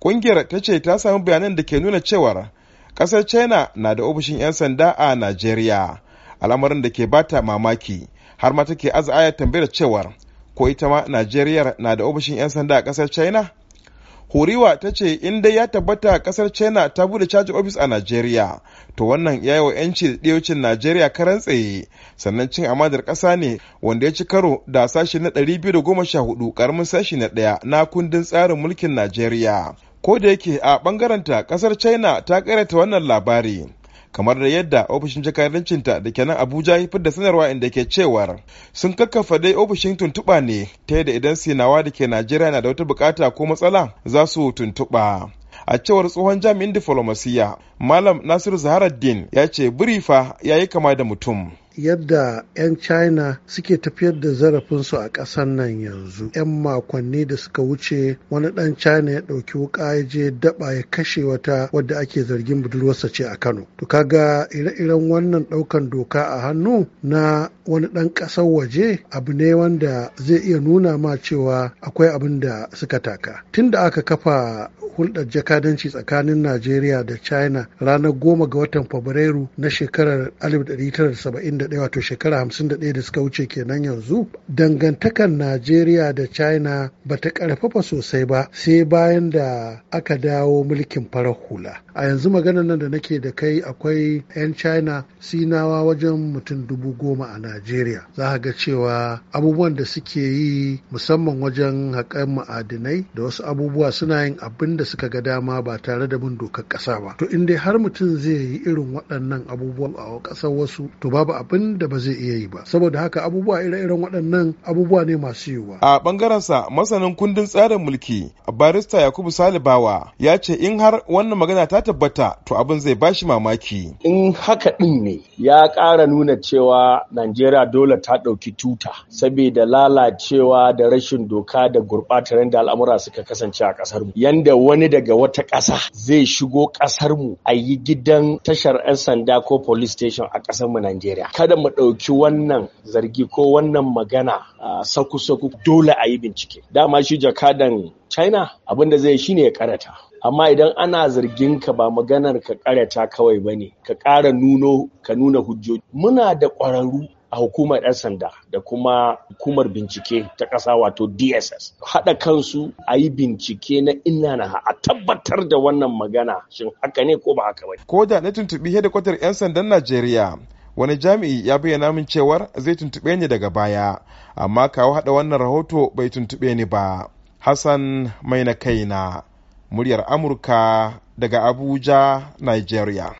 Ƙungiyar ta ce ta samu bayanan da ke nuna cewar kasar China na da ofishin 'yan sanda a Najeriya. Al'amarin da ke bata mamaki har ma take aya tambayar cewar ko ita ma Najeriya na da ofishin 'yan sanda a ƙasar China? Horewa ta ce in dai ya tabbata kasar China ta bude caji ofis a Najeriya, to wannan ya yi wa 'yanci da ɗiyocin Najeriya karan tsaye, sannan cin amadar ƙasa ne wanda ya ci karo da sashi na 214 karamin sashi na ɗaya na kundin tsarin mulkin Najeriya. ko da yake a bangaranta kasar china ta karyata wannan labari kamar da yadda ofishin jakadancinta da kenan abuja ya da sanarwa inda ke cewar sun kakkafa dai ofishin tuntuɓa ne ta yadda idan sinawa da ke najeriya na da wata bukata ko matsala za su tuntuɓa a cewar tsohon jami'in diflomasiya malam nasiru zaharaddin ya ce birifa ya yi kama da mutum yadda 'yan china suke tafiyar da zarafinsu a ƙasar nan yanzu 'yan makonni da suka wuce wani ɗan china ya ɗauki wuƙa ya je daɓa ya kashe wata wadda ake zargin budurwarsa ce a kano to kaga ire-iren wannan ɗaukan doka a hannu na wani ɗan ƙasar waje abu ne wanda zai iya nuna ma cewa akwai abin da suka taka tunda aka kafa hulɗar jakadanci tsakanin Najeriya da China ranar goma ga watan Fabrairu na shekarar 1971 wato shekara 51 da suka wuce kenan yanzu dangantakar Najeriya da China ba ta ƙarfafa sosai ba sai bayan da aka dawo mulkin farar hula. A yanzu maganar nan da nake da kai akwai 'yan China sinawa wajen mutum dubu goma a Najeriya. Za a ga cewa abubuwan da suke yi musamman wajen haƙar ma'adinai da wasu abubuwa suna yin abin da suka ga dama ba tare da bin dokar ƙasa ba to in dai har mutum zai yi irin waɗannan abubuwan a ƙasar wasu to babu abin da ba zai iya yi ba saboda haka abubuwa ire-iren waɗannan abubuwa ne masu yiwuwa a bangaren sa masanin kundin tsarin mulki barista yakubu salibawa ya ce in har wannan magana ta tabbata to abin zai ba shi mamaki in haka din ne ya ƙara nuna cewa najeriya dole ta ɗauki tuta saboda lalacewa da rashin doka da gurɓatar da al'amura suka kasance a ƙasar yanda wani daga wata ƙasa zai shigo ƙasar mu a yi gidan tashar 'yan sanda ko police station a ƙasar mu Najeriya. Kada mu ɗauki wannan zargi ko wannan magana saku-saku dole a yi bincike. Dama shi jakadan China abinda zai shine ya karata. amma idan ana zargin ka ba maganar ka karata kawai bane ka ƙara nuno ka nuna hujjoji muna da ƙwararru a hukumar 'yan sanda da kuma hukumar bincike ta ƙasa wato dss haɗa kansu a yi bincike na ina na a tabbatar da wannan magana shin haka ne ko ba haka ba ko da na tuntuɓi kwatar 'yan sandan najeriya wani jami'i ya bayyana min cewar zai tuntuɓe ni daga baya amma kawo haɗa wannan rahoto bai tuntuɓe ni ba hassan mai na kaina muryar amurka daga abuja nigeria